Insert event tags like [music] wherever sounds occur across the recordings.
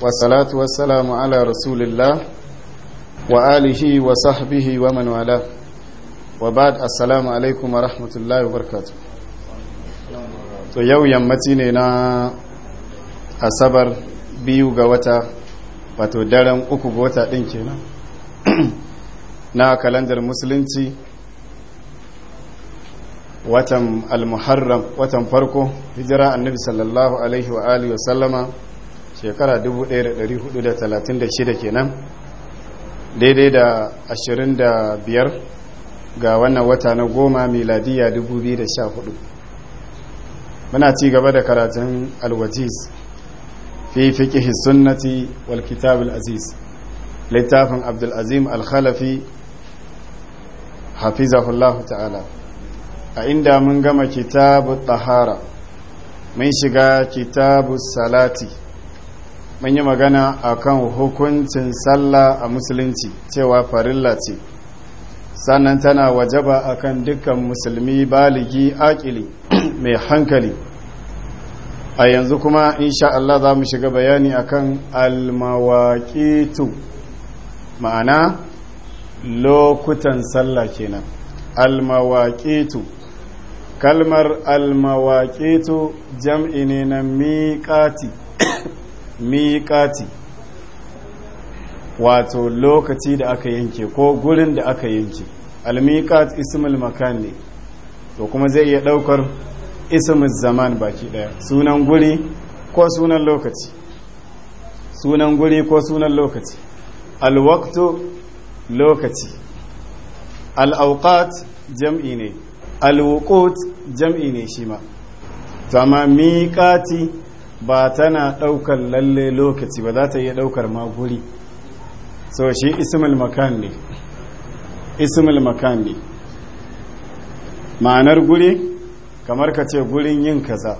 والصلاة wa على wa الله wa وصحبه ومن wa وبعد السلام عليكم wa الله وبركاته to yau yammaci ne na asabar biyu ga wata wato daren uku ga wata ɗin kenan [clears throat] na kalandar musulunci watan al-muharram watan farko hijira annabi sallallahu alaihi wa alihi wa sallama shekara 1436 kenan daidai da 25 ga wannan wata na goma miladiya 2014 muna ci gaba da karatun alwajiz fi fiƙihi sunnati wal kitab aziz littafin abdulazim al-khalafi ta'ala a inda mun gama kitabu tahara mun shiga kitabu salati mun yi magana akan hukuncin sallah a musulunci cewa farilla ce sannan tana wajaba akan dukkan musulmi baligi akili [clears throat] mai hankali a yanzu kuma insha Allah za mu shiga bayani akan almawaƙitu ma'ana lokutan sallah kenan almawakitu kalmar almawakitu jam'i ne na miƙati miƙati wato lokaci da aka yanke ko gurin da aka yanke almikat ismul makan ne to kuma zai iya ɗaukar ismul zaman baki ɗaya sunan guri ko sunan lokaci sunan guri ko sunan lokaci al-waqtu lokaci al-awqat jam'i ne al-wuqut jam'i ne shi ma miƙati ba tana ɗaukar lalle lokaci ba za ta iya ɗaukar maguri so shi ismul makan ne ismul makan ne ma'anar guri kamar ka ce gurin yin kaza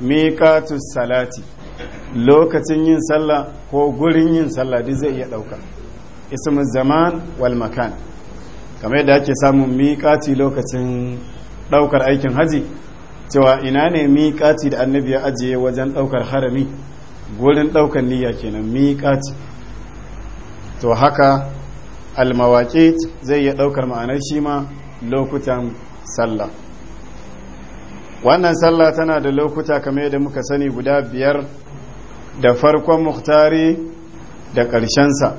miƙatus salati lokacin yin sallah ko gurin yin sallah duk zai iya ɗauka ismul zaman wal makan kamar yadda ake samun miƙati lokacin ɗaukar aikin haji cewa ina ne miƙaci da annabi ya ajiye wajen ɗaukar harami gurin ɗaukar niyya kenan miƙaci. to haka almawaƙi zai iya ɗaukar ma'anar shi ma lokutan sallah wannan sallah tana da lokuta kamar da muka sani guda biyar da farkon muhtari da ƙarshensa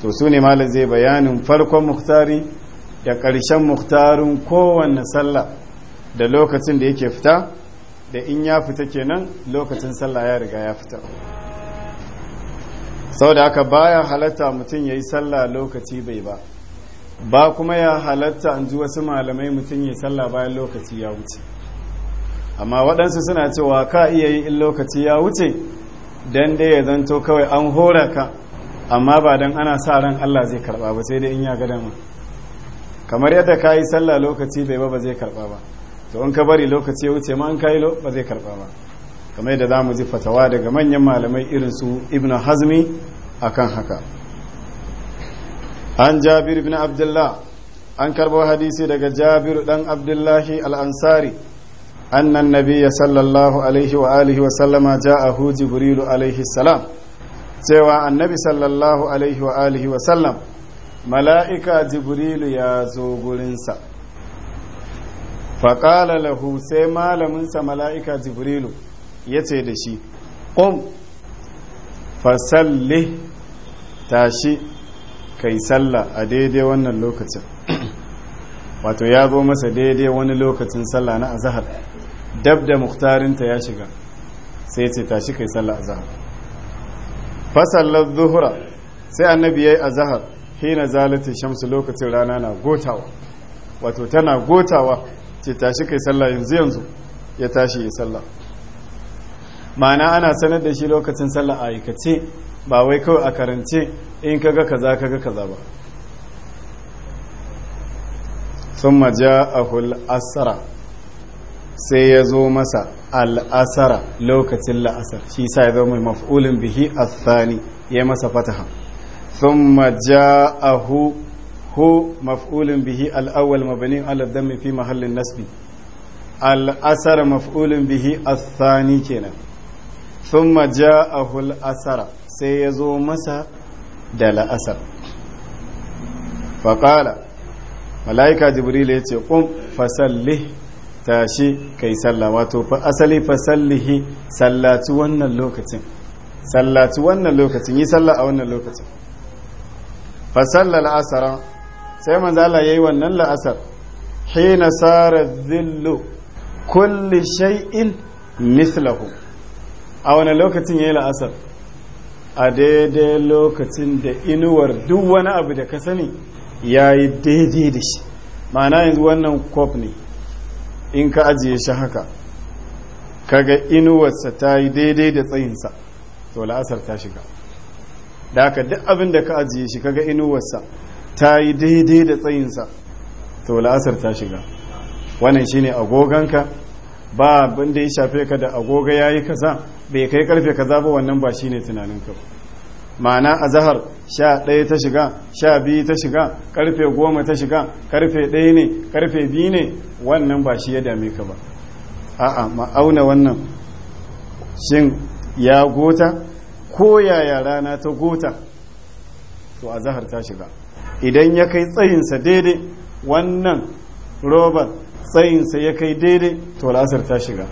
to su ne malam zai bayanin farkon muhtari da ƙarshen muhtarin kowanne sallah da lokacin da yake fita da in ya fita kenan lokacin sallah ya riga ya fita sau da aka baya halatta mutum ya yi sallah lokaci bai ba ba kuma ya halatta an ji wasu malamai mutum ya yi sallah bayan lokaci ya wuce amma waɗansu suna cewa ka iya yi in lokaci ya wuce don dai ya zanto kawai an hora ka amma ba don ana sa ran allah zai karɓa ba sai dai in ya ga dama kamar yadda ka yi sallah lokaci bai ba ba zai karɓa ba to in ka bari lokaci ya wuce ma an kai lo ba zai karba ba kamar yadda zamu ji fatawa daga manyan malamai irin su ibnu hazmi akan haka an jabir ibn abdullah an karbo hadisi daga jabir dan abdullah al-ansari anna annabiyya sallallahu alaihi wa alihi wa sallama ja'ahu jibril alaihi salam cewa annabi sallallahu alaihi wa alihi wa sallam mala'ika jibril ya zo gurin sa faƙala lahu sai malaminsa mala'ika jibrilu ya ce da shi ƙum fasalle tashi kai sallah a daidai wannan lokacin [clears throat] wato ya zo masa daidai wani lokacin sallah na azahar dab da muktarinta ya shiga sai ce tashi kai sallah azahar fasallar zuhura sai annabi ya yi azahar hina zalata shamsu lokacin rana na gotawa wato tana gotawa ce tashi kai sallah yanzu yanzu ya tashi yi sallah ma'ana ana sanar da shi lokacin sallah a aikace ba wai kawai a karance in kaga kaza kaga kaza ba sun maja a hul'asara sai ya zo masa al'asara lokacin la'asar shi sa ya zo mai maf'ulin bihi a tsani ya masa fataha sun maja a hul'asara هو مفعول به الأول مبني على الدم في محل النسب الأثر مفعول به الثاني كنا ثم جاءه الأثر سيزو مسا دل أثر فقال ملائكة جبريل يتي قم فسله tashi kai sallah wato fa asali fa sallihi wannan lokacin sallati wannan lokacin yi sallah a wannan lokacin sai manzala yi wannan la'asar hina sara zillu kulli shay'in mislahu a wani lokacin yayi la'asar a daidai lokacin da inuwar duk wani abu da ka sani yayi daidai da shi ma'ana yanzu wannan kwaf ne in ka ajiye shi haka kaga inuwarsa ta yi daidai da tsayinsa to la'asar ta shiga da haka duk abin da ka ajiye shi kaga inuwarsa ta yi daidai da tsayinsa to la'asar ta shiga wannan shine agoganka ba abin da ya shafe ka da agoga yayi kaza bai kai karfe kaza ba wannan ba shine tunaninka ma'ana a zahar sha ɗaya ta shiga sha biyu ta shiga karfe goma ta shiga karfe ɗaya ne karfe biyu ne wannan ba shi ya dame ka ba a'a ma'auna wannan shin ya gota ko yaya rana ta gota to a zahar ta shiga idan ya kai tsayinsa daidai wannan robar tsayinsa ya kai daidai to la'asar ta shiga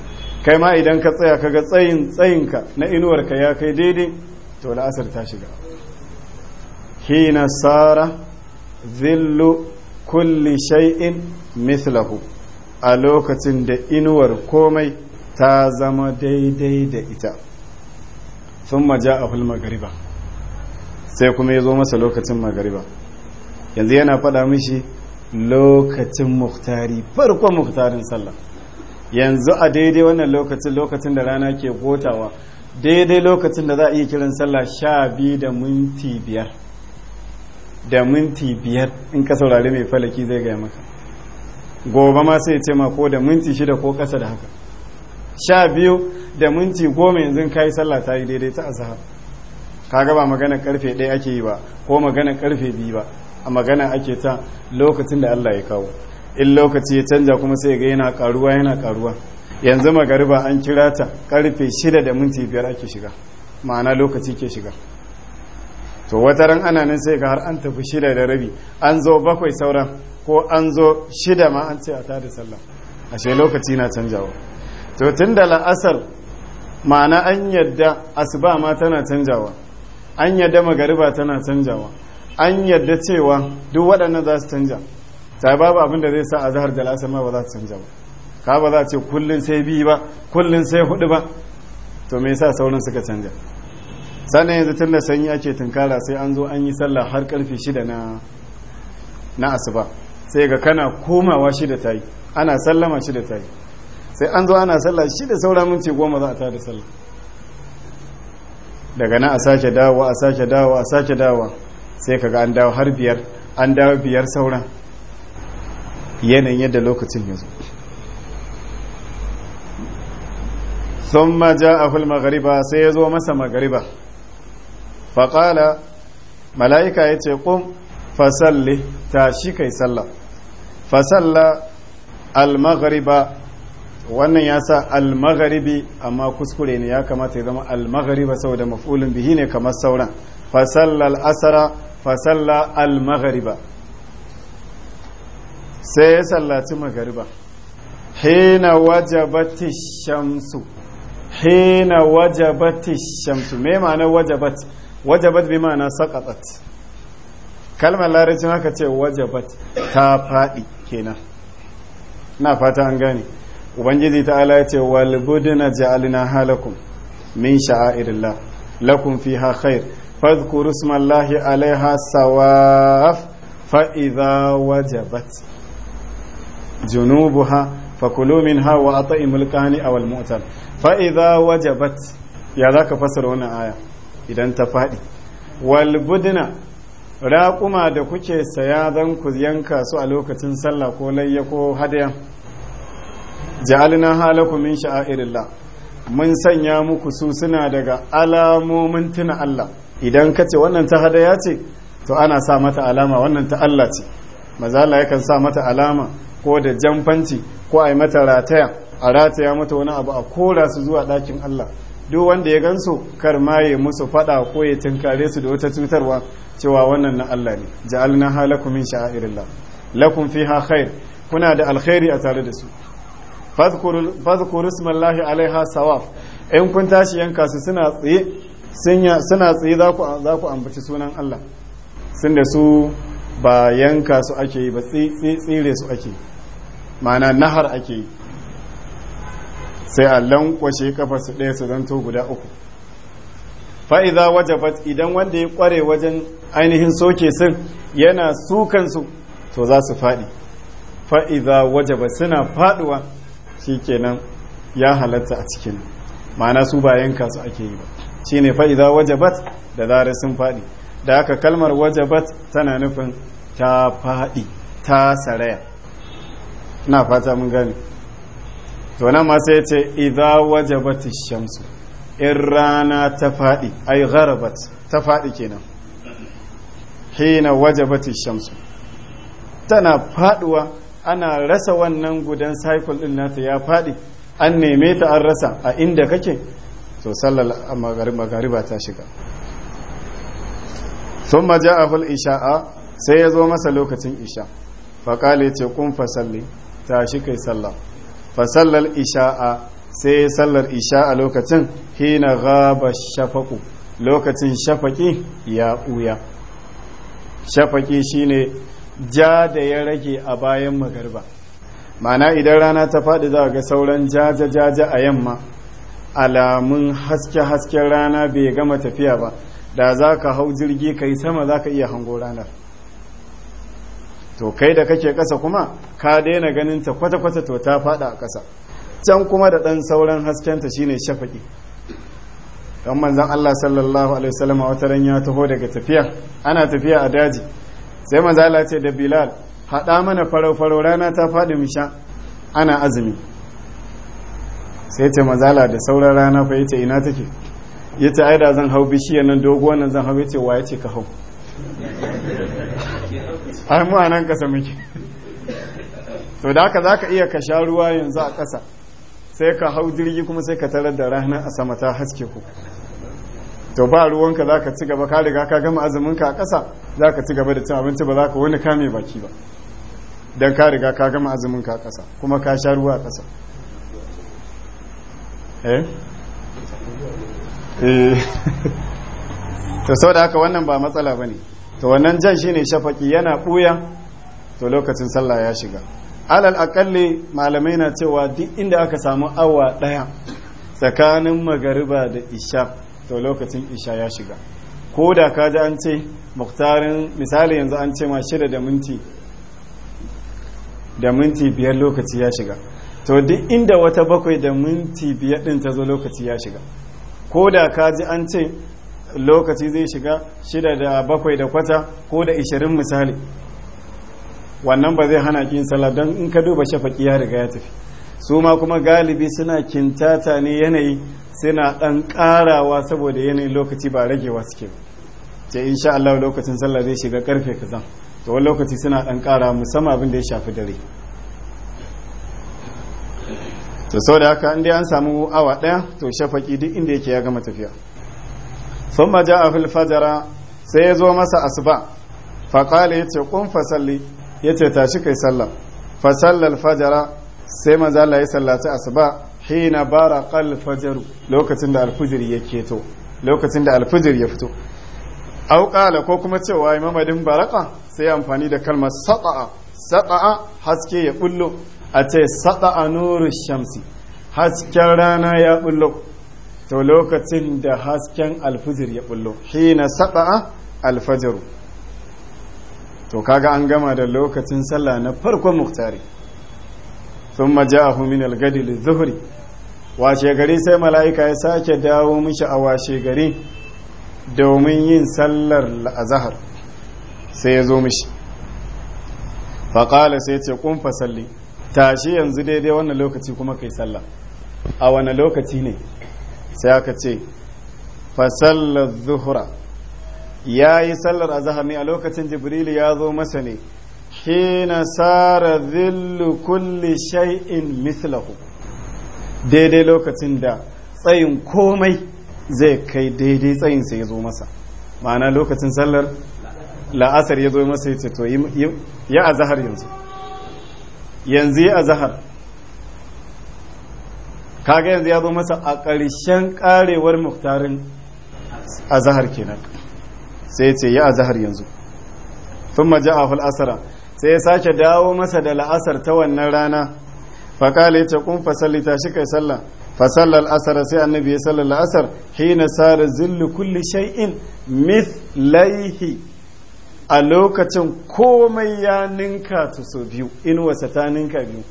kai ma idan ka tsaya kaga tsayin tsayinka na inuwarka ya kai daidai to la'asar ta shiga hina sara zillu kulli shay'in mithlahu a lokacin da inuwar komai ta zama daidai da ita sun maja a magariba sai kuma ya zo masa lokacin magariba yanzu yana faɗa mishi lokacin muktari farkon muktarin sallah yanzu a daidai wannan lokacin lokacin da rana ke gotawa daidai lokacin da za a iya kiran sallah sha biyu da minti biyar da minti biyar in ka saurari mai falaki zai gaya maka gobe ma sai ce ma ko da minti shida ko ƙasa da haka sha biyu da minti goma yanzu ka yi sallah ta yi daidai ta azhar kaga ba magana karfe ɗaya ake yi ba ko magana karfe biyu ba a magana ake ta lokacin da Allah ya kawo in lokaci ya canja kuma sai ga yana karuwa yana karuwa yanzu magariba an kira ta karfe 6 da minti 5 ake shiga ma'ana lokaci ke shiga to wata ran ana nan sai ga har an tafi 6 da rabi an zo bakwai sauran ko an zo 6 ma an ce a tada sallah ashe lokaci na canjawa to tun da la'asar ma'ana an yadda asuba ma tana canjawa an yadda magariba tana canjawa an yadda cewa duk waɗannan za su canja sai babu abin da zai sa a zahar da lasar ma ba za su canja ba ka ba za a ce kullum sai biyu ba kullum sai hudu ba to me yasa sauran suka canja sannan yanzu tun da sanyi ake tunkara sai an zo an yi sallah har karfe shida na na asuba sai ga kana komawa shida ta yi ana sallama shida ta yi sai an zo ana sallah shida saura minti goma za a tada sallah daga na a sake dawowa a sake dawowa a sake dawowa sai ka ga an dawo har biyar an dawo biyar sauran yanayin yadda lokacin yanzu sun maja a magariba sai ya zo masa magariba faƙala mala'ika ya ce ƙun fasalli ta shi kai sallah fasalla al-maghariba wannan ya sa al-magharibi amma kuskure ne ya kamata ya zama al-maghariba saboda mafulin bihi ne kamar sauran fasalla al-asara fasalla al maghariba sai ya sallaci magariba hina wajabati shamsu hina wajabati shamsu me ma'ana wajabat wajabat bi ma'ana saqatat kalmar larabcin haka ce wajabat ta faɗi kenan na fata an gane ubangiji ta ala ce walbudina ja'alina halakum min sha'airillah lakum fiha khair fadhkuru ismallahi alaiha sawaf fa idza wajabat junubuha fakulu minha wa at'imul qani aw al mu'tal fa idza wajabat ya zaka fasara wannan aya idan ta faɗi? wal raƙuma da kuke saya zan ku yanka su a lokacin sallah ko layya ko hadaya ja'alna halakum min sha'airillah mun sanya muku su suna daga alamomin tuna Allah idan ka ce wannan ta hadaya ce to ana sa mata alama wannan ta Allah ce mazala kan sa mata alama ko da jamfanci ko a yi mata rataya a rataya mata wani abu a kora su zuwa ɗakin Allah duk wanda ya gansu kar ma ya musu faɗa ko ya tinkare su da wata cutarwa cewa wannan na Allah ne ja'alna halakum min sha'irillah lakum fiha khair kuna da alkhairi a tare da su fadhkuru fadhkuru ismallahi alaiha sawaf in kun tashi yanka su suna tsaye suna tsaye za ku ambaci sunan Allah sun da su ba yanka su ake yi ba tsire su ake mana nahar ake yi sai a lankwashe kafarsu ɗaya su zanto guda uku fa'iza wajabat idan wanda ya kware wajen ainihin soke sun yana sukansu to za su faɗi fa'iza wajabat suna faɗuwa shi kenan ya halatta a cikin mana su ba yanka su ake yi ba shine fa waje wajabat da zarar sun fadi da haka kalmar wajabat tana nufin ta fadi ta saraya ina fata mun gani to nan ma sai ya ce waje wajabat shamsu in rana ta fadi ai gharabat ta fadi kenan hina wajabat shamsu tana faduwa ana rasa wannan gudan cycle din nata ya fadi an neme ta an rasa a inda kake to sallar magariba ta shiga sun maja a fal isha'a sai ya zo masa lokacin isha faƙali ce kun fasalli ta shi kai sallah fasallar isha'a sai sallar isha'a lokacin hina gaba shafaku lokacin shafaki ya ɓuya shafaki shine ja da ya rage a bayan magariba mana idan rana ta faɗi za ga sauran jaja-jaja a yamma alamun haske-hasken rana bai gama tafiya ba da za ka hau jirgi ka yi sama za ka iya hango ranar to kai da kake ƙasa kuma ka daina ganin ta kwata-kwata to ta fada a kasa can kuma da ɗan sauran haskenta shine shafaƙi don manzan Allah sallallahu alaihi wasallam wata ran ya taho daga tafiya ana tafiya a daji sai manzala ce da Bilal haɗa mana farau-farau rana ta faɗi musha ana azumi sai ce mazala da sauran rana fa yace ina take yace ai da zan hau bishiyar nan doguwar nan zan hau yace wa yace ka hau ai mu anan kasa muke to da haka zaka iya ka sha ruwa yanzu a kasa sai ka hau jirgi kuma sai ka tarar da rana a sama ta haske ku to ba ruwanka za ka ci gaba ka riga ka gama ka a ƙasa za ka ci gaba da cin abinci ba za ka wani kame baki ba don ka riga ka gama ka a ƙasa kuma ka sha ruwa a ƙasa Eh? Eh. [laughs] to sau da haka wannan ba matsala ba ne to wannan jan shi ne shafaki yana buya to lokacin sallah ya shiga alal akalli malamai na cewa duk inda aka samu awa ɗaya tsakanin magariba da isha to lokacin isha ya shiga ko da ka ji an ce muktarin misali yanzu an ce ma shida da da minti biyar lokaci ya shiga to duk inda wata bakwai da minti biyar din ta zo lokaci ya shiga ko da ka ji an ce lokaci zai shiga shida da bakwai da kwata ko da ishirin misali wannan ba zai hana kin sallah don in ka duba shafaki ya riga ya tafi su ma kuma galibi suna kintata ne yanayi suna dan karawa saboda yanayin lokaci ba ragewa suke ba in sha Allah lokacin sallah zai shiga karfe kaza to wani lokaci suna dan karawa musamman abin da ya shafi dare to da haka inda an samu awa ɗaya to shafaki duk inda yake ya gama tafiya thumma ja a fajara sai ya zo masa asuba faƙali ya ce qum fasalli ya ce tashi kai sallah Fasallar fajara sai maza ya sallaci asuba hina bara ƙal fajaru lokacin da alfijir ya keto lokacin da alfijir ya fito au ko kuma cewa Mamadin baraka sai amfani da kalmar sata'a sata'a haske ya ɓullo. a ce saɗa a nuru shamsi hasken rana ya bullo to lokacin da hasken alfijir ya bullo hina saɗa alfajir to kaga an gama da lokacin sallah na farkon muktari sun a min algadil zuhuri washe gari sai mala'ika ya sake dawo mishi a washe gari domin yin sallar azahar sai ya zo mishi faƙala sai ce kun salli. tashi yanzu daidai wannan lokaci kuma kai sallah a wani lokaci ne sai aka ce fasallar zuhura ya yi sallar azahami a lokacin jibrilu ya zo masa ne hina sara zillu kulli shay'in mislahu daidai lokacin da tsayin komai zai kai daidai tsayin sai ya zo masa ma'ana lokacin sallar la'asar ya zo masa ya ce to azahar yanzu yanzu ya zahar kaga yanzu ya zo masa a ƙarshen ƙarewar muktarin zahar kenan sai ce ya zahar yanzu thumma ja'a a asara sai ya sake dawo masa da la'asar ta wannan rana faƙali ya ce kun fasalli ta shi kai sallah fasallar al'asar sai annabi ya sallar la'asar hina sara zillu kulli shay'in laihi a lokacin komai ya ninka ta so biyu inuwarsa ta ninka biyu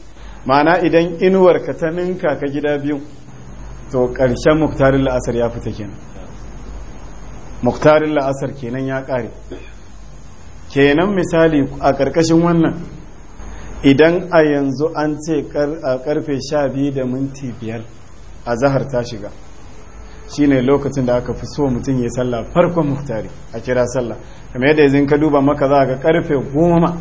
ma'ana idan inuwarka ta ninka ka gida biyu to ƙarshen muktarin la'asar ya fita kenan muktarin la'asar kenan ya ƙare kenan misali a ƙarƙashin wannan idan a yanzu an ce a ƙarfe sha biyu da minti biyar a zahar ta shiga shine lokacin da aka fi so mutum ya sallah farkon muhtari a kira sallah kamar yadda yanzu ka duba maka za ga karfe goma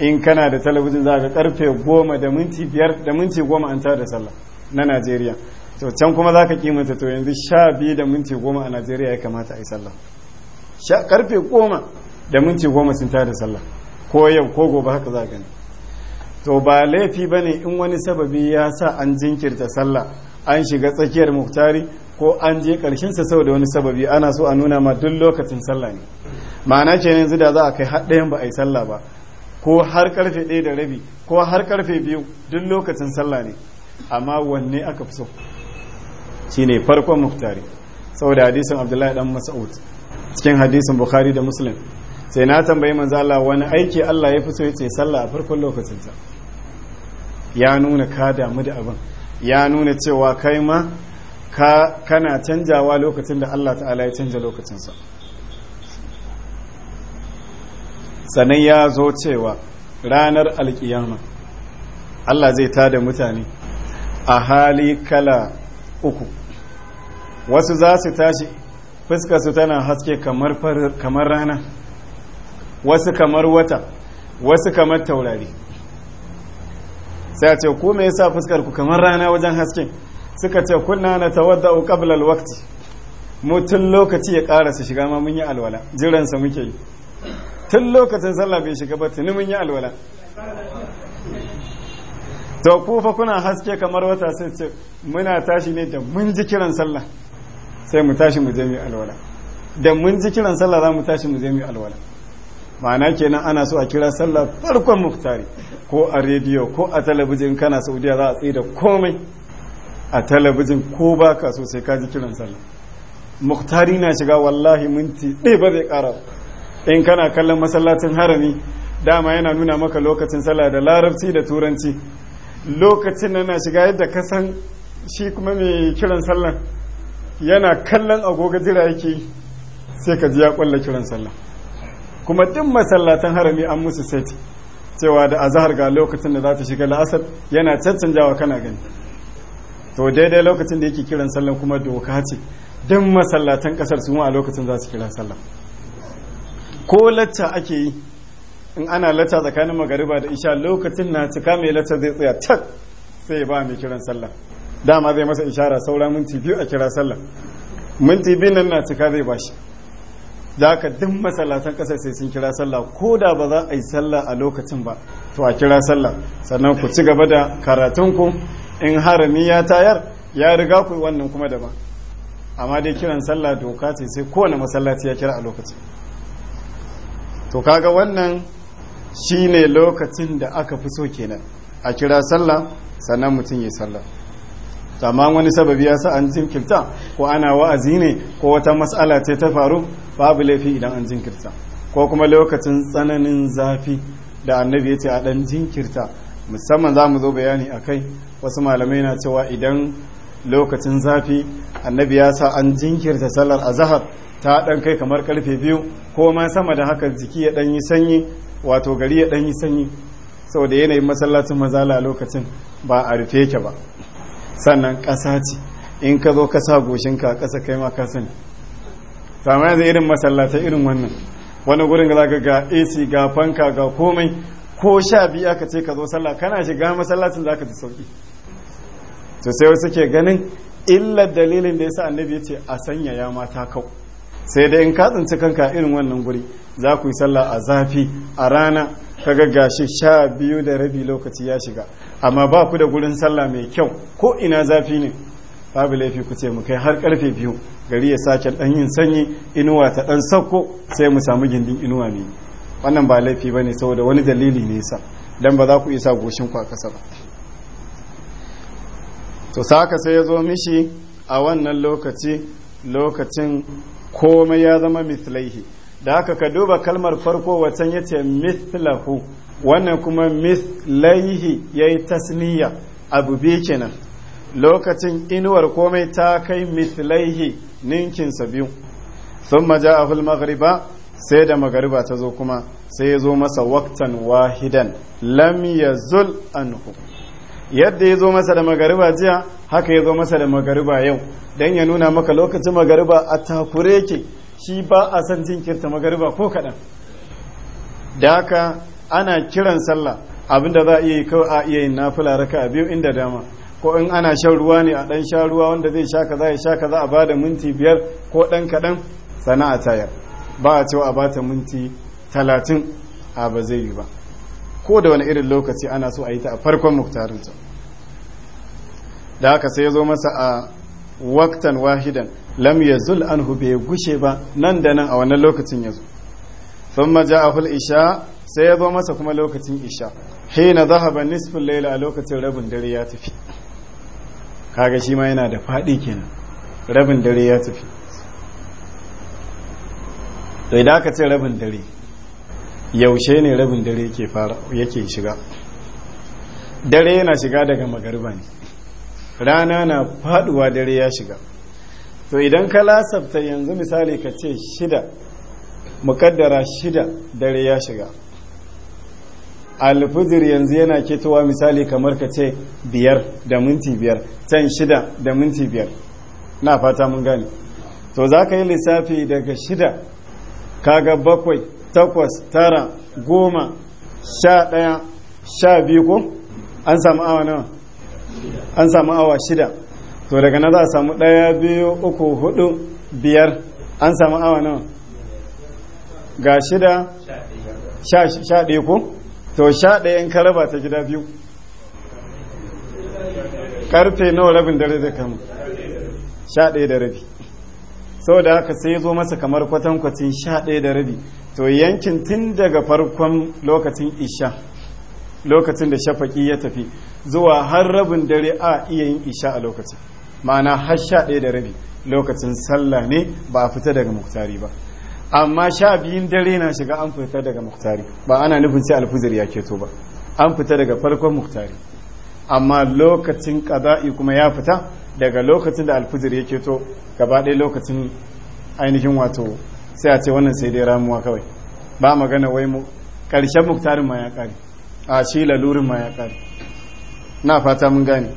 in kana da talabijin za ga karfe goma da minti biyar da minti goma an tada sallah na najeriya to can kuma za ka kimanta to yanzu sha biyu da minti goma a najeriya ya kamata a yi sallah karfe goma da minti goma sun tada sallah ko yau ko gobe haka za gani to ba laifi ba ne in wani sababi ya sa an jinkirta sallah an shiga tsakiyar muktari ko an je ƙarshensa saboda wani sababi ana so a nuna ma duk lokacin sallah ne ma'ana ce yanzu da za a kai har ɗayan ba a yi sallah ba ko har karfe ɗaya da rabi ko har karfe biyu duk lokacin sallah ne amma wanne aka fi so shine farkon muftari saboda hadisin abdullahi dan mas'ud cikin hadisin bukhari da muslim sai na tambayi manzo Allah wani aiki Allah ya fi so yace sallah a farkon lokacin sa ya nuna ka damu da abin ya nuna cewa kai ma ka kana canjawa lokacin da Allah ta'ala ya canja lokacinsa sannan ya zo cewa ranar alkiyama Allah zai tada mutane a hali kala uku wasu za su tashi fuskarsu tana haske kamar rana wasu kamar wata wasu kamar taurari sai ce ku me yasa fuskar ku kamar rana wajen haske. suka ce kunna na tawadda qabla alwaqti mu tun lokaci ya karasa shiga ma mun yi alwala jiransa muke yi tun lokacin sallah bai shiga ba tuni mun yi alwala to ku fa kuna haske kamar wata sai ce muna tashi ne da mun ji kiran sallah sai mu tashi mu je mu alwala da mun ji kiran sallah za mu tashi mu je mu alwala ma'ana kenan ana so a kira sallah farkon muftari ko a rediyo ko a talabijin kana saudiya za a tsaye da komai a talabijin ko ba ka so sai ka ji kiran sallah muktari na shiga wallahi minti ɗai ba zai ƙara in kana kallon masallacin harami dama yana nuna maka lokacin sallah da larabci da turanci lokacin na shiga yadda ka san shi kuma mai kiran sallah yana kallon agoga jira yake sai ka ji ya kwalla kiran sallah kuma duk masallacin harami an musu seti cewa da azahar ga lokacin da za ta shiga la'asar yana cancanjawa kana gani to daidai lokacin da yake kiran sallah kuma doka ce don masallatan kasar su a lokacin za su kira sallah ko latta ake yi in ana latta tsakanin magariba da isha lokacin na cika mai latta zai tsaya tak sai ba mai kiran sallah dama zai masa ishara saura minti biyu a kira sallah minti biyu nan na cika zai bashi da duk masallatan kasar sai sun kira sallah ko da ba za a yi sallah a lokacin ba to a kira sallah sannan ku ci gaba da karatunku in harami ya tayar ya riga ku wannan kuma daban amma dai kiran sallah doka ce sai kowane masallaci ya kira a lokaci to kaga wannan shine lokacin da aka fi so kenan a kira sallah sannan mutum ya sallah amma wani sababi ya sa an jinkirta ko ana wa'azi ne ko wata matsala ce ta faru babu laifi idan an jinkirta ko kuma lokacin tsananin zafi da annabi ya ce a dan jinkirta musamman za mu zo bayani a kai wasu malamai na cewa idan lokacin zafi annabi ya sa an jinkirta sallar azahar ta dan kai kamar karfe biyu ko ma sama da haka jiki ya dan yi sanyi wato gari ya dan yi sanyi saboda yanayin masallacin mazala a lokacin ba a rufe ke ba sannan ƙasa ce in ka zo ka sa goshinka ƙasa kai ma ka sani sama yanzu irin masallatai irin wannan wani gurin ga zaka ga AC ga fanka ga komai ko sha biyu aka ce ka zo sallah kana shiga masallacin za ka ji sauki to sai wasu ke ganin illar dalilin da yasa annabi ya ce a sanya ya mata kau sai dai in ka tsinci kanka irin wannan guri za ku yi sallah a zafi a rana ga gashi sha biyu da rabi lokaci ya shiga amma ba ku da gurin sallah mai kyau ko ina zafi ne babu laifi ku ce mu kai har karfe biyu gari ya sake dan yin sanyi inuwa ta dan sauko sai mu samu gindin inuwa ne wannan ba laifi ba ne saboda wani dalili ne sa don ba za ku isa goshin ku a ba to sa sai ya zo mishi a wannan lokaci lokacin komai ya zama mislaihi da haka ka duba kalmar farko watan ya ce mislahu wannan kuma mislaihi ya yi tasniya abu biyu kenan lokacin inuwar komai ta kai mislaihi ninkinsa biyu sun maja a magriba sai da magariba ta zo kuma sai ya zo masa waktan wahidan lam zul anhu yadda ya zo masa da magariba jiya haka ya zo masa da magariba yau dan ya nuna maka lokacin magariba a takure yake shi ba a san jinkirta magariba ko kaɗan da haka ana kiran sallah abinda za a iya yi kawai a iya yin nafila raka biyu inda dama ko in ana shan ruwa ne a dan sha ruwa wanda zai sha kaza ya sha kaza a bada minti biyar ko dan kaɗan sana'a tayar ba a cewa a ta minti talatin a ba zai yi ba ko da wani irin lokaci ana so a yi ta a farkon muktarinta da aka sai ya zo masa a waktan wahidan lam ya zul an bai gushe ba nan da nan a wannan lokacin ya zo sun maja a isha sai ya zo masa kuma lokacin isha hina ba nisfin laila a lokacin rabin dare ya tafi kaga shi ma yana da faɗi kenan rabin dare ya tafi to idan aka ce rabin dare yaushe ne rabin dare yake shiga dare yana shiga daga magariba ne rana na faduwa dare ya shiga to idan ka lasafta yanzu misali ka ce shida mukaddara shida dare ya shiga alfuzir yanzu yana ketowa misali kamar ka ce biyar da minti biyar can shida da minti biyar na fata mun gane to za ka yi lissafi daga shida kaga bakwai takwas tara goma sha ɗaya sha biyu ko an samu awa nawa an samu awa shida to daga na za a samu ɗaya biyu uku hudu biyar an samu awa nawa ga shida sha ɗaya ko to sha ɗaya in ka ta gida biyu karfe nawa rabin dare zai kama sha ɗaya da rabi saboda haka sai ya zo masa kamar kwacin sha ɗaya da rabi to yankin tun daga farkon lokacin isha lokacin da shafaki ya tafi zuwa har rabin dare a iya yin isha a lokacin ma'ana har sha ɗaya da rabi lokacin sallah ne ba a fita daga muktari ba amma sha biyun dare na shiga an fita daga muktari ba ana nufin sai alfuzir ya keto ba an fita daga farkon muktari amma lokacin kaza'i kuma ya fita daga lokacin da alfijir yake to gaba ɗaya lokacin ainihin wato sai a ce wannan sai dai ramuwa kawai ba magana wai mu ƙarshen muktarin ma ya ƙari a shi lalurin ma ya ƙari na fata mun gane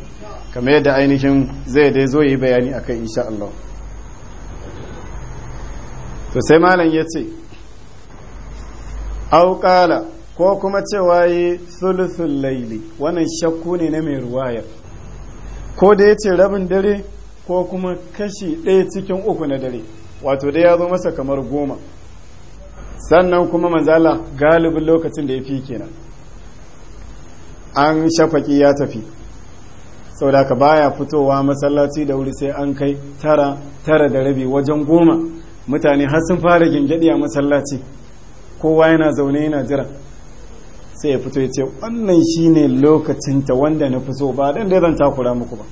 kamar yadda ainihin zai dai zo yi bayani a akai insha Allah to sai malam ya ce auƙala ko kuma cewa yi thuluthul laili wannan shakku ne na mai ruwayar ko da ya ce rabin dare ko kuma kashi ɗaya cikin uku na dare wato dai ya zo masa kamar goma sannan kuma manzala galibin lokacin da ya fi kenan an shafaki ya tafi sau da baya fitowa masallaci da wuri sai an kai tara tara da rabi wajen goma mutane har sun fara gingadi a masallaci kowa yana zaune yana jira sai ya fito ya ce wannan shi shine lokacinta wanda na fi so ba dan dai zan takura muku ba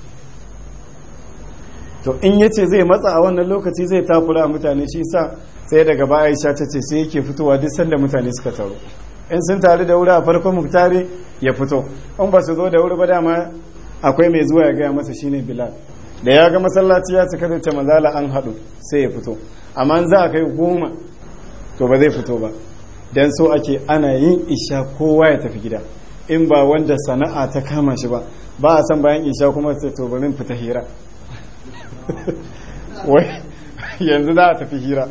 to in ya ce zai matsa a wannan lokaci zai takura mutane shi sa sai daga baya Aisha ta ce sai yake fitowa duk sanda mutane suka taro in sun taru da wuri a farkon muktari ya fito in ba su zo da wuri ba dama akwai mai zuwa ya gaya masa shine Bilal da ya ga masallaci ya cika da ce mazala an haɗu sai ya fito amma za a kai goma to ba zai fito ba dan so ake ana yin isha kowa ya tafi gida in ba wanda sana'a ta kama shi ba ba a san bayan isha kuma sai to fita hira [laughs] wai yanzu za a tafi hira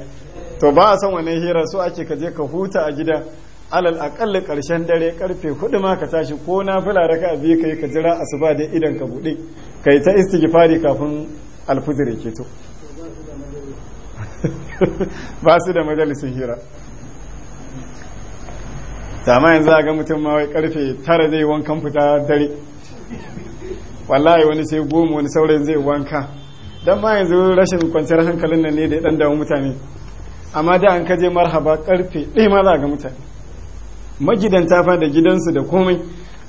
to ba a san wannan hira so ake ka je ka huta a gida alal akalli karshen dare karfe hudu ma ka tashi ko na fila raka biyu kai ka jira asuba da idan ka bude kai ta istighfari kafin alfuzir ke to [laughs] ba su da majalisin hira zama yanzu a ga mutum ma wai karfe tara zai wankan fita dare wallahi wani sai goma wani saurayin zai wanka don ma yanzu rashin kwanciyar hankalin nan ne da ya damu mutane amma da an kaje marhaba karfe ɗaya ma za a ga mutane magidanta fa da gidansu da komai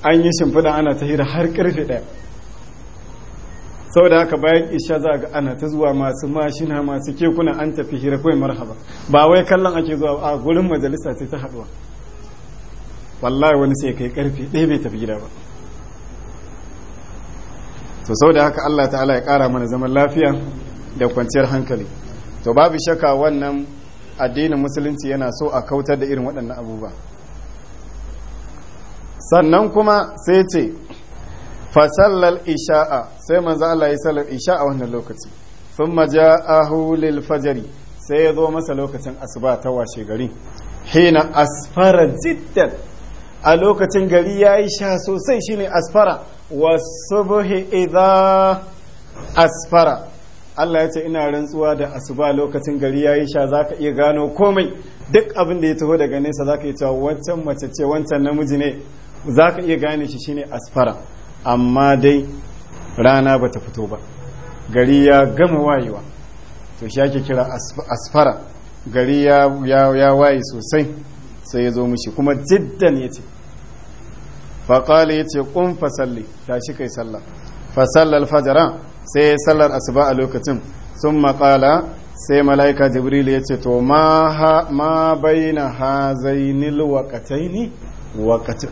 an yi shimfiɗa ana ta hira har karfe ɗaya saboda haka bayan isha za ga ana ta zuwa masu mashina masu kekuna an tafi hira kawai marhaba ba wai kallon ake zuwa a gurin majalisa sai ta haɗuwa wallahi wani sai kai karfe ɗaya bai tafi gida ba to sau da haka Allah ta'ala ya ƙara mana zaman lafiya da kwanciyar hankali to babu shaka wannan addinin musulunci yana so a kautar da irin waɗannan abubuwa sannan kuma sai ce fasallar isha'a sai manzo Allah ya sallar isha'a wannan lokaci sun maja ahulil fajari sai ya zo masa lokacin asuba ta washe gari hina asfara jiddan a lokacin gari ya yi sha sosai shine asfara wasu buhe idha asfara Allah ya ce ina rantsuwa da asuba lokacin gari ya yi sha za ka iya gano komai duk abin da ya taho daga nesa za ka iya cewa wancan mace ce wancan namiji ne za ka iya gane shi shine asfara amma dai rana ba ta fito ba gari ya gama wayewa to shi ake kira asfara gari ya waye sosai sai ya zo mishi kuma jiddan ya ce faƙali ya ce ƙun fasalli tashi kai sallah fasallar fajara sai ya sallar asuba a lokacin sun maƙala sai mala'ika jibril ya ce to ma bai na hazainil ni waƙatin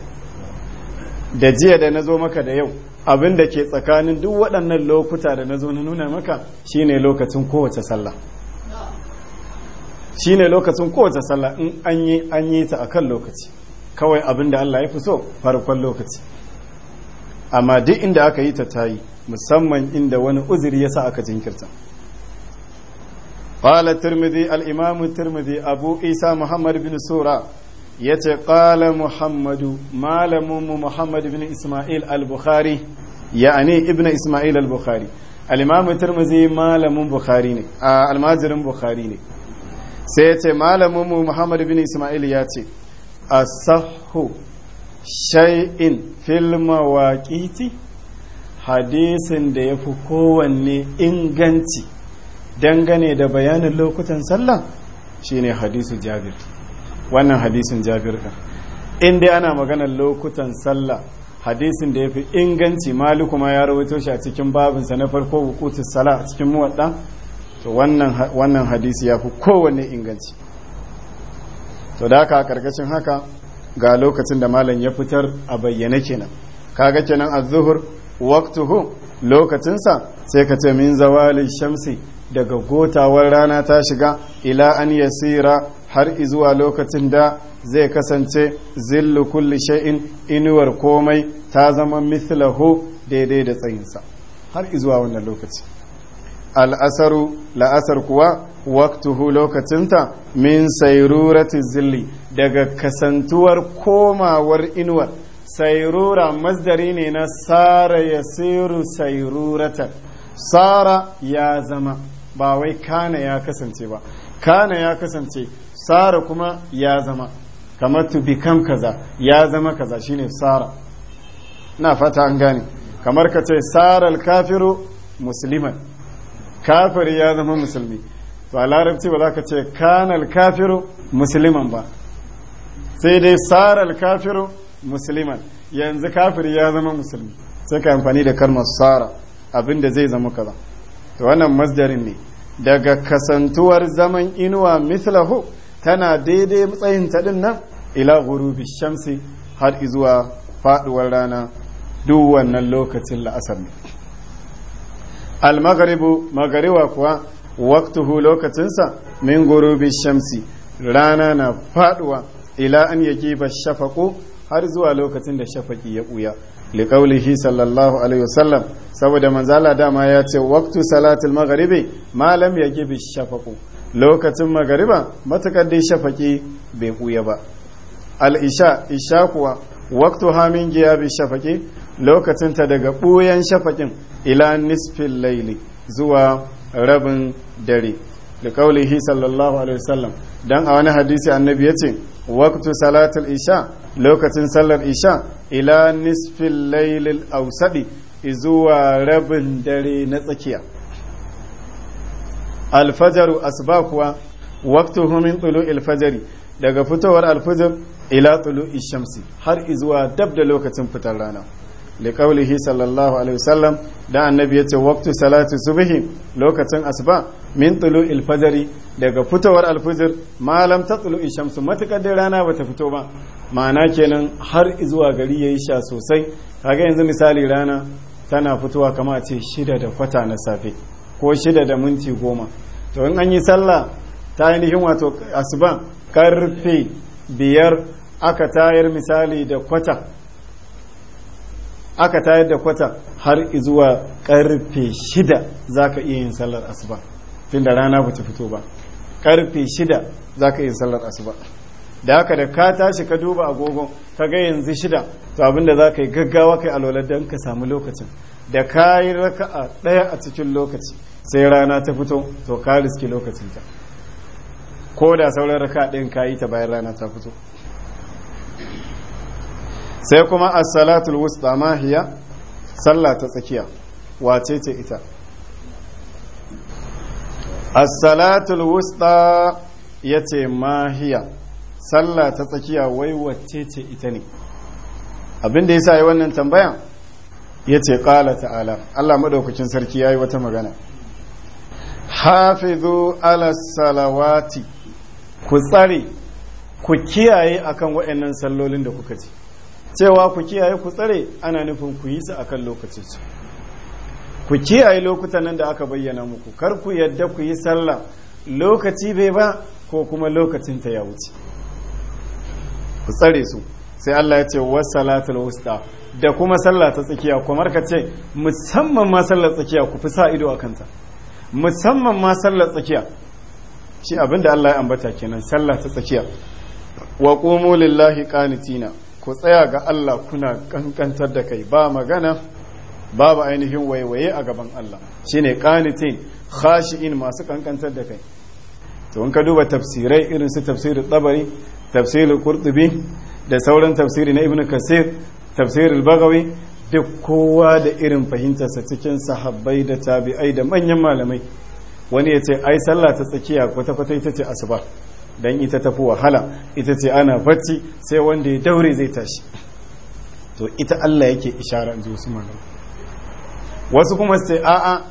da jiya da na zo maka da yau abinda ke tsakanin duk waɗannan lokuta da na zo na nuna maka shine lokacin kowace sallah Shi ne lokacin kowace sallah in an yi an yi ta akan lokaci kawai abin da Allah ya fi so farkon lokaci amma duk inda aka yi ta tayi musamman inda wani uzuri yasa aka jinkirta qala Tirmizi al imam abu isa muhammad bin sura ce qala Muhammadu malamunmu muhammad bin isma'il al bukhari yani ibn isma'il al bukhari al imam malamun bukhari ne almajirin bukhari ne sai ya ce mu Muhammadu bin ismail ya ce a sahu shay'in filma waƙiti hadisin da ya fi kowanne inganci dangane da bayanin lokutan sallah shine hadisu jabir wannan hadisin jabir kan inda ana maganar lokutan sallah hadisin da ya fi inganci maliku ma ya rawaito shi a cikin babinsa na farko bukutu sala a cikin muwadda to wannan hadisi ya fi kowanne inganci to da haka a karkashin haka ga lokacin da malam ya fitar a bayyane kenan kaga kenan az-zuhur waqtuhu lokacinsa sai ka ce min zawali shamsi daga gotawar rana ta shiga ila an yasira har izuwa lokacin da zai kasance zillu kulli shay'in inuwar komai ta zama mithlahu daidai da tsayinsa har izuwa wannan lokacin. al'asaru la'asar kuwa waktuhu lokacinta min sairurati zilli daga kasantuwar komawar inuwar sairura masdari ne na sara ya siru sairurata sara ya zama ba wai kana ya kasance ba kana ya kasance sara kuma ya zama kamar to become kaza ya zama kaza shine sara na fata an gane kamar ka ce saral kafiru musliman Kafir ya zama musulmi to a larabci ba za ka ce kanal kafiru musulman ba sai dai sarar kafiru musulman yanzu kafir ya zama musulmi sai ka amfani da kalmar sara abinda zai zama kaza to wannan masdarin ne daga kasantuwar zaman inuwa mislahu tana daidai matsayin ta din nan ila gurubi shamsi har izuwa faɗuwar rana duk wannan lokacin la'asar ne almagaribu magariwa kuwa waktuhu lokacinsa min gurubi shamsi rana na faduwa ila an yake ba shafaku har zuwa lokacin da shafaki ya buya liƙaulihi sallallahu alaihi wasallam saboda manzala dama ya ce waktu salatul magharibi malam ya gibi shafaku lokacin magariba matakar dai shafaki bai buya ba al isha isha kuwa waktu hamin giya bi shafaki lokacinta daga ɓuyan shafakin ila nisfin laili zuwa rabin dare da kaulihi sallallahu alaihi wasallam dan a wani hadisi annabi ya ce waktu salatul isha lokacin sallar isha ila nisfin lailil ausadi zuwa rabin dare na tsakiya alfajaru asba kuwa waktu min tulu alfajari daga fitowar alfajar ila tulu shamsi har izuwa dab da lokacin fitar rana liƙaulihi sallallahu alaihi wasallam da annabi ya ce waktu salati subhi lokacin asuba min tulu'il fajri daga fitowar alfijir malam ta tulu shamsu matukar da rana bata fito ba ma'ana kenan har izuwa gari yayi sha sosai kaga yanzu misali rana tana fitowa kamar a ce shida da kwata na safe ko shida da minti goma to in an yi sallah ta ainihin wato asuba karfe biyar aka tayar misali da kwata aka tayar da kwata har zuwa karfe shida za ka iya yin sallar asuba tun da rana ba ta fito ba karfe shida za ka iya yin sallar asuba da haka da ka tashi ka duba agogon ka ga yanzu shida to abinda za ka yi gaggawa kai alwalar don ka samu lokacin da ka yi raka'a ɗaya a cikin lokaci sai rana ta fito to ka riski lokacinta ko da sauran raka'a ɗin ka yi ta bayan rana ta fito sai kuma as-salatul wusta ma hiya sallah ta tsakiya wace ce ita as-salatul wusta yace ma hiya sallah ta tsakiya wai wace ce ita ne abinda yasa yi wannan tambayan yace qala ta'ala Allah madaukakin sarki yayi wata magana hafizu ala salawati ku tsare ku kiyaye akan waɗannan sallolin da kuka ci cewa ku kiyaye ku tsare ana nufin ku yi su akan lokacin su ku kiyaye lokutan nan da aka bayyana muku kar ku yadda ku yi sallah lokaci bai ba ko kuma lokacin ta ya wuce ku tsare su sai Allah ya ce salatul wusta da kuma sallah ta tsakiya kamar ka ce musamman ma sallar tsakiya ku fi sa ido a kanta musamman ma sallar tsakiya shi abinda Allah ya ambata kenan sallah ta tsakiya wa qumu lillahi qanitina ku tsaya ga Allah kuna kankantar da kai ba magana babu ainihin waiwaye a gaban Allah shine qanitin khashi'in masu kankantar da kai to in ka duba tafsirai irin su tafsirin tabari tafsirin qurtubi da sauran tafsiri na ibnu kasir tafsirin bagawi duk kowa da irin fahimtarsa cikin sahabbai da tabi'ai da manyan malamai wani ya ce ai sallah ta tsakiya kwata-kwata ita ce asuba don ita tafi wahala ita ce ana bacci sai wanda ya daure zai tashi to ita Allah yake ishara in su magana wasu kuma sai a'a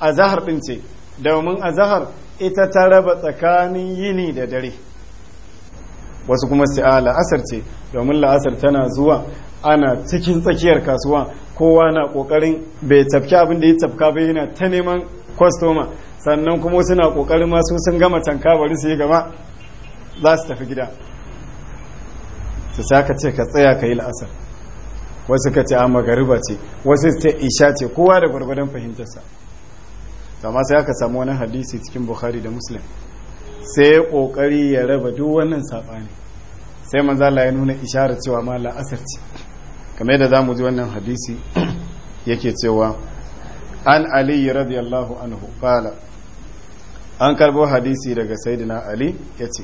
azahar din ce domin azahar ita ta raba tsakanin yini da dare wasu kuma ce a la'asar ce domin la'asar tana zuwa ana cikin tsakiyar kasuwa kowa na kokarin bai tafki abin da ya tafka ba yana ta neman kwastoma sannan kuma suna kokarin masu sun gama tanka bari su yi gaba za su tafi gida ta sa ka ce ka tsaya ka yi la'asar wasu ka ce a magariba ce wasu ce isha ce kowa da gwargwadon fahimtarsa amma sai aka samu wani hadisi cikin bukhari da muslim sai kokari ya raba duk wannan saɓani. sai la ya nuna isharar cewa ma la'asar ce kamar yadda za mu ji wannan hadisi [clears throat] yake cewa an ali radiyallahu anhu kala an karbo hadisi daga saidina ali ya ce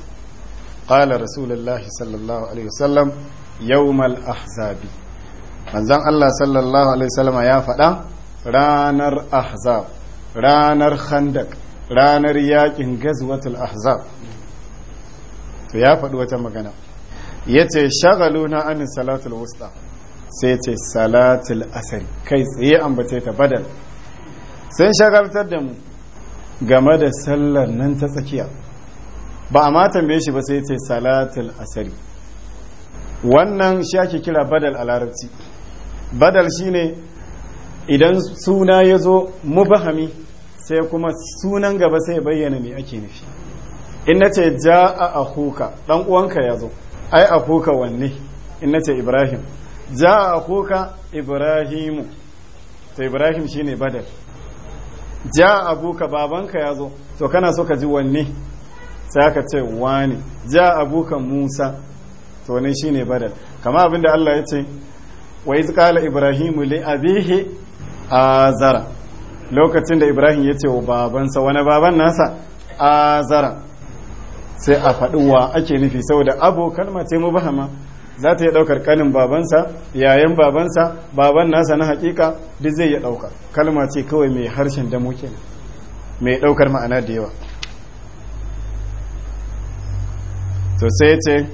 qala rasulullahi sallallahu alaihi wasallam yawmal ahzabi manzon Allah sallallahu alaihi wasallam ya faɗa ranar ahzab ranar khandak ranar yakin gazwatul ahzab to ya faɗi wata magana yace shagaluna an salatul wusta sai ce salatul asari kai tsaye ambace ta badal sun shagaltar da mu game da sallar nan ta tsakiya ba a ma tambaye shi ba sai ce salatul asari wannan shi ake kira badal a larabci badal shine idan suna ya zo mubahami sai kuma sunan gaba sai bayyana me ake nufi in na ce ja a ahuka dan uwanka ya zo ai ahuka wanne in na ce ibrahim ja a ahuka ibrahimu to ibrahim shine badal ja abuka babanka ya zo to kana so ka ji wanne sai aka ce wani ja abuka musa to ne shine badal kama abinda Allah ya ce wa iz qala ibrahimu li abihi azara lokacin da ibrahim ya ce wa babansa wani baban nasa azara sai a faɗi wa ake nufi saboda abu kalma ce bahama za ta yi ɗaukar kanin babansa yayan babansa baban nasa na hakika duk zai yi ɗauka kalma ce kawai mai harshen damo kenan mai ɗaukar ma'ana da yawa to sai ce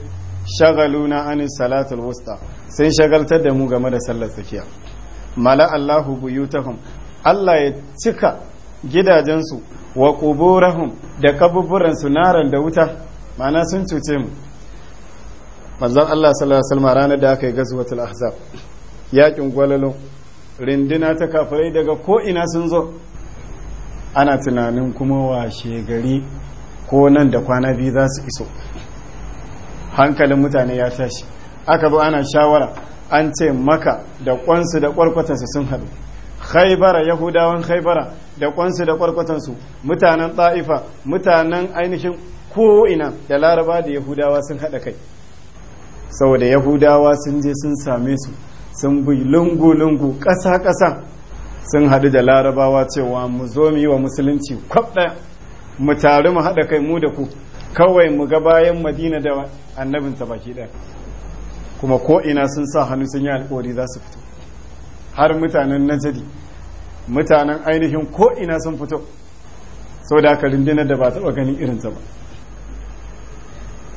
shagaluna an salatul wusta sun shagaltar da mu game da sallar tsakiya mala Allahu buyutahum Allah ya cika gidajensu wa kuburahum da kaburburan su naran da wuta ma'ana sun cuce mu manzon Allah sallallahu alaihi wasallam ranar da aka yi gazwatul ahzab yakin gwalalo rindina ta kafirai daga ko ina sun zo ana tunanin kuma washe gari ko nan da kwana biyu za su iso hankalin mutane ya tashi aka bi ana shawara an ce maka da kwansu da kwarkwatansu sun haɗu khaibara yahudawan khaibara da kwansu da kwarkwatansu mutanen ta'ifa mutanen ainihin ko'ina da laraba da yahudawa sun haɗa kai saboda yahudawa sun je sun same su sun bi lungu-lungu ƙasa-ƙasa sun haɗu da larabawa cewa mu zo mu yi wa musulunci kwab mu taru mu haɗa kai mu da ku kawai mu ga bayan madina da annabin ta baki ɗaya kuma ko ina sun sa hannu sun yi alkawari za su fito har mutanen najadi mutanen ainihin ko ina sun fito sau da aka rindina da ba taɓa ganin irinta ba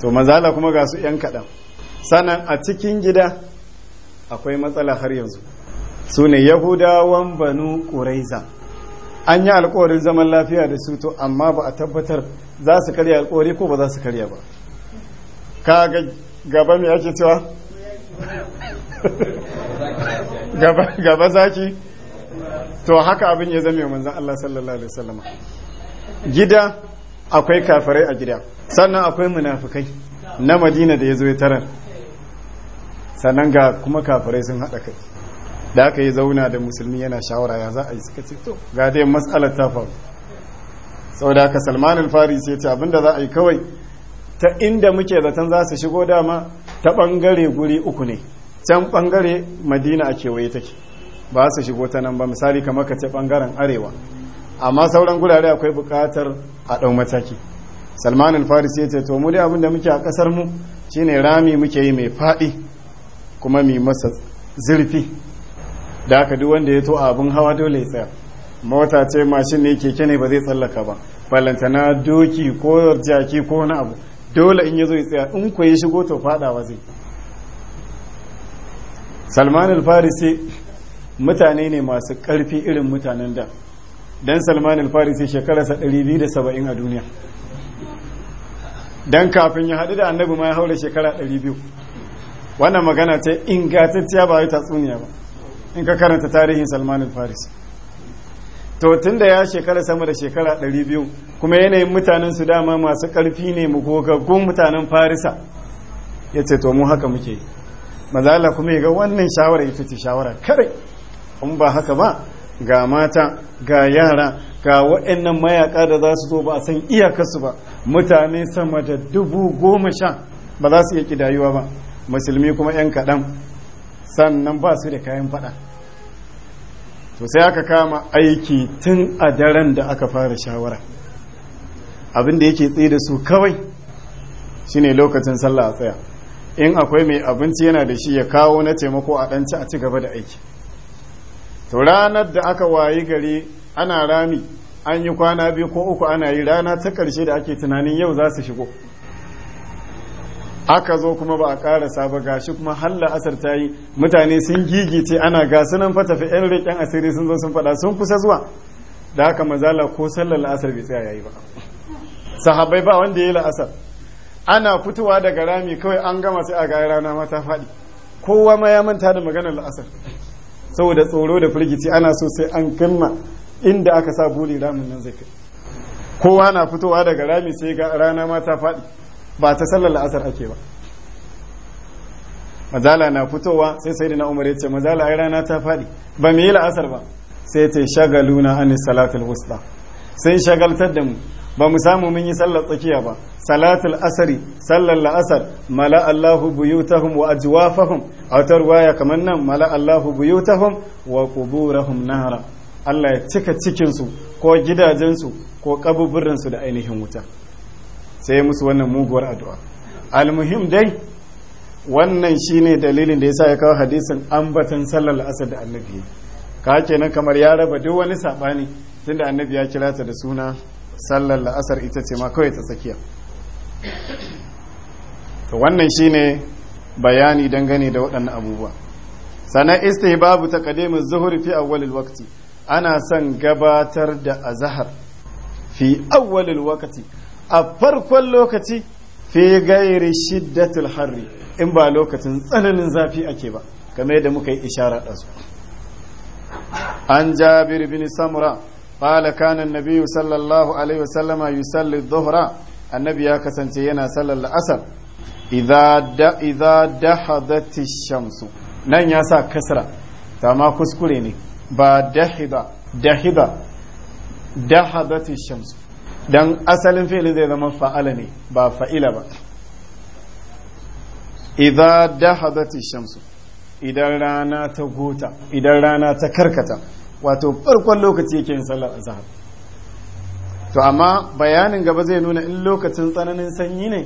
to mazala kuma ga su 'yan kaɗan sannan a cikin gida akwai matsala har yanzu su ne yahudawan banu ƙuraiza an yi alkawarin zaman lafiya da su to amma ba a tabbatar za su karya alkawari ko ba za su karya ba ka ga gaba mai ake cewa [laughs] gaba zaki to haka abin ya zama manzan Allah sallallahu alaihi wasallama gida akwai kafirai a gida sannan akwai munafukai na madina da ya zo ya tarar sannan ga kuma kafirai sun haɗa kai da aka yi zauna da musulmi yana shawara ya za a yi suka ce to ga dai matsalar ta faru sau da aka salman alfari sai ce abinda za a yi kawai ta inda muke zaton za su shigo dama ta bangare guri uku ne can bangare madina a kewaye take ba su shigo ta nan ba misali kamar ka ce bangaren arewa amma sauran gurare akwai bukatar a ɗau mataki salman alfari ya ce to mu dai abin da muke a kasar mu shine rami muke yi mai faɗi kuma mai masa zurfi da aka duk wanda ya to abin hawa dole ya tsaya mota ce mashin ne keke ne ba zai tsallaka ba balantana doki ko jaki ko wani abu dole in ya zo ya tsaya in ku shigo to fadawa zai salman al-farisi mutane ne masu karfi irin mutanen da dan salman al-farisi shekararsa 270 a duniya dan kafin ya haɗu da annabi ma ya haura shekara 200 wannan magana ce ingantacciya ba ya tatsuniya ba in ka karanta tarihin salman al-faris to tun da ya shekara sama da shekara 200 kuma yanayin mutanen su dama masu karfi ne mu gogaggun mutanen farisa ya ce to mu haka muke mazala kuma ya ga wannan shawara ita ce shawara kare in ba haka ba ga mata ga yara ga waɗannan mayaka da za su zo ba a san iyakarsu ba mutane sama da dubu goma sha ba za su iya kidayuwa ba musulmi kuma 'yan kaɗan sannan ba su da kayan fada to sai aka kama aiki tun a daren da aka fara shawara abin da yake tsaye da su kawai shine lokacin sallah a tsaya in akwai mai abinci yana da shi ya kawo na taimako a ɗanci a ci gaba da aiki to ranar da aka wayi gari ana rami an yi kwana biyu ko uku ana yi rana ta ƙarshe da ake tunanin yau za su shigo aka zo kuma ba a karasa ba gashi kuma halla asar ta yi mutane sun gigice ana ga sunan fatafi yan riƙen asiri sun zo sun fada sun kusa zuwa da haka mazala ko sallar la'asar bai tsaya yayi ba sahabbai ba wanda ya yi la'asar ana fitowa daga rami kawai an gama sai a ga rana ma ta faɗi kowa ma ya manta da maganar la'asar saboda tsoro da firgici ana so sai an gama inda aka sa buri ramin nan zai kai kowa na fitowa daga rami sai ga rana ma ta faɗi ba ta sallar la'asar ake ba mazala na fitowa sai sai na umar ya ce mazala ai rana ta faɗi ba mu yi la'asar ba sai ta na an salatul wusta sun shagaltar da mu ba mu samu mun yi sallar tsakiya ba salatul asari sallar la'asar mala allahu buyutahum wa ajwafahum a wata ruwaya kamar nan mala allahu buyutahum wa quburahum nahara Allah ya cika cikinsu ko gidajensu ko kabuburinsu da ainihin wuta sai musu wannan muguwar addu'a almuhim dai wannan shine dalilin da ya sa ya kawo hadisin ambatan sallar asar da annabi ka kenan kamar ya raba duk wani sabani tunda annabi ya kira ta da suna sallar la'asar ita ce ma kawai ta tsakiya to wannan shine bayani dangane da waɗannan abubuwa sannan istihbabu taqdimu zuhri fi awwalil waqti ana son gabatar da azhar fi awwalil waqti a farkon lokaci fi gairi shiddatul harri in ba lokacin tsananin zafi ake ba kamar yadda muka yi ishara su. an jabir bin samura ƙala kanan nabiyu sallallahu alaihi wasallama yusalli dhuhra annabi ya kasance yana sallar la'asar idza hadati shamsu nan ya sa kasra ta ma kuskure ne ba dahida dahida shamsu don asalin fi'li zai zama fa'ala ne ba fa'ila ba idan dahadati shamsu idan rana ta gota idan rana ta karkata wato farkon lokaci yake yin sallar azhar to amma bayanin gaba zai nuna in lokacin tsananin sanyi ne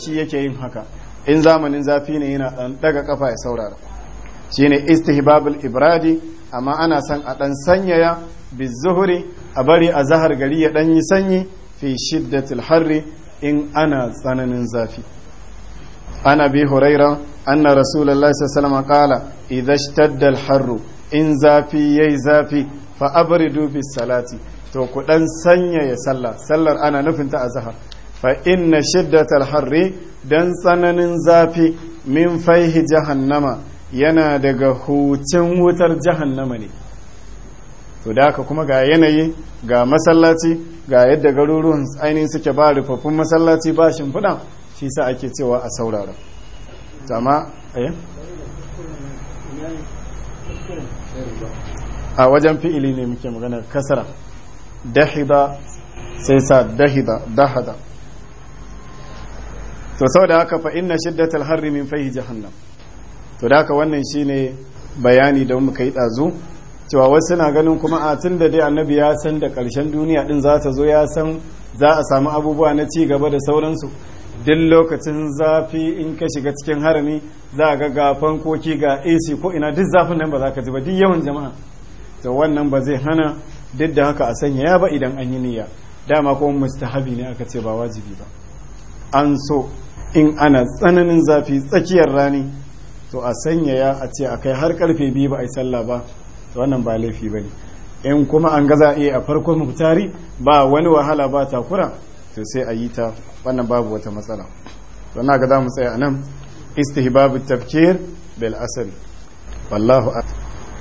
shi yake yin haka in zamanin zafi ne yana dan daga kafa ya saurara shine istihbabul ibradi amma ana son a dan sanyaya bizuhuri a bari a zahar gari ya ɗanyi sanyi fi shiddatil harri in ana tsananin zafi an abi huraira anna rasulullahi sallallahu alaihi qala idza ishtadda harru in zafi yayi zafi fa abridu dubi salati to ku dan sanya ya sallah sallar ana nufin ta azhar fa inna shiddatal harri dan tsananin zafi min faihi jahannama yana daga hucin wutar jahannama ne to da haka kuma ga yanayi ga masallaci ga yadda garuruwan ainihin suke ba rufaffun masallaci ba shimfiɗa shi sa ake cewa a saurara eh? a wajen fi'ili ne muke magana kasara dahida sai sa dahida dahada to sau da haka fa inna shiddatal harri min fahi jahannam to da haka wannan shine bayani da muka yi ɗazu cewa wasu na ganin kuma a tun da dai annabi ya san da ƙarshen duniya din za ta zo ya san za a samu abubuwa na ci gaba da sauransu duk lokacin zafi in ka shiga cikin harami za ga gafan koki ga ac ko ina duk zafin nan ba za ka ji ba duk yawan jama'a to wannan ba zai hana duk da haka a sanya ya ba idan an yi niyya dama kuma mustahabi ne aka ce ba wajibi ba an so in ana tsananin zafi tsakiyar rani to a sanya ya a ce a kai har karfe biyu ba a yi sallah ba to wannan ba laifi bane in kuma an gaza iya a farkon muftari ba wani wahala ba kura to sai a yi ta wannan babu wata matsala to na ga za mu tsaya anan istihbabu tafkir bil asr wallahu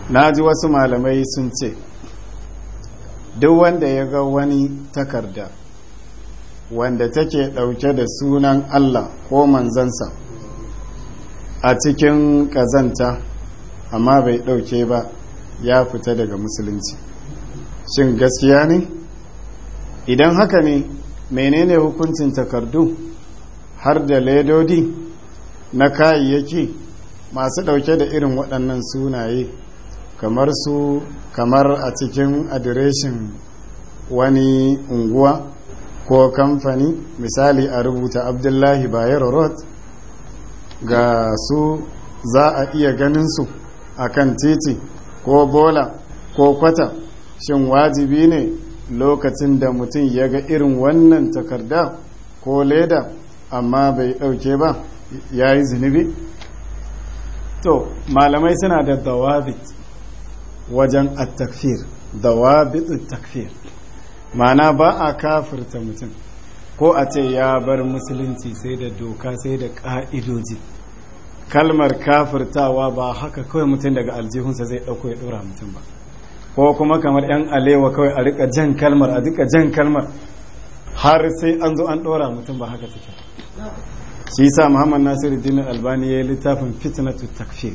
na ji wasu malamai sun ce duk wanda ya ga wani takarda wanda take ɗauke da sunan Allah ko manzansa a cikin ƙazanta amma bai ɗauke ba ya fita daga musulunci shin gaskiya ne idan haka ne menene hukuncin takardu har da ledodi na kayayyaki masu ɗauke da irin waɗannan sunaye kamar su kamar a cikin adireshin wani unguwa ko kamfani misali a rubuta abdullahi bayero road ga su za a iya ganin su a kan titi ko bola ko kwata shin wajibi ne lokacin da mutum ya ga irin wannan takarda ko leda amma bai ɗauke ba ya yi zunubi? to malamai suna da dawabit wajen attakfir dawabit takfir mana ba a kafirta mutum ko a ce ya bar musulunci sai da doka sai da ƙa'idoji kalmar kafirtawa ba haka kawai mutum daga aljihunsa zai ɗauko ya ɗora mutum ba ko kuma kamar 'yan alewa kawai a rika jan kalmar a duka jan kalmar har sai an zo an ɗora mutum ba haka take shi sa muhammad nasiru dini albani ya yi littafin fitnatu takfir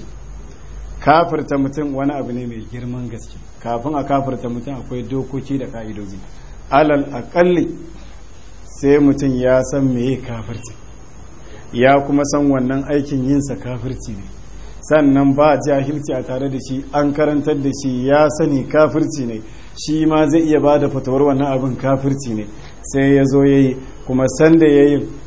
kafirta mutum wani abu ne mai girman gaske kafin a kafirta mutum akwai dokoki da ka'idoji alal akalli sai mutum ya san meye kafirta ya kuma san wannan aikin yinsa kafirci ne sannan ba jahilci a tare da shi an karantar da shi ya sani kafirci ne shi ma zai iya ba da fatawar wannan abin kafirci ne sai ya zo ya yi kuma sanda ya yi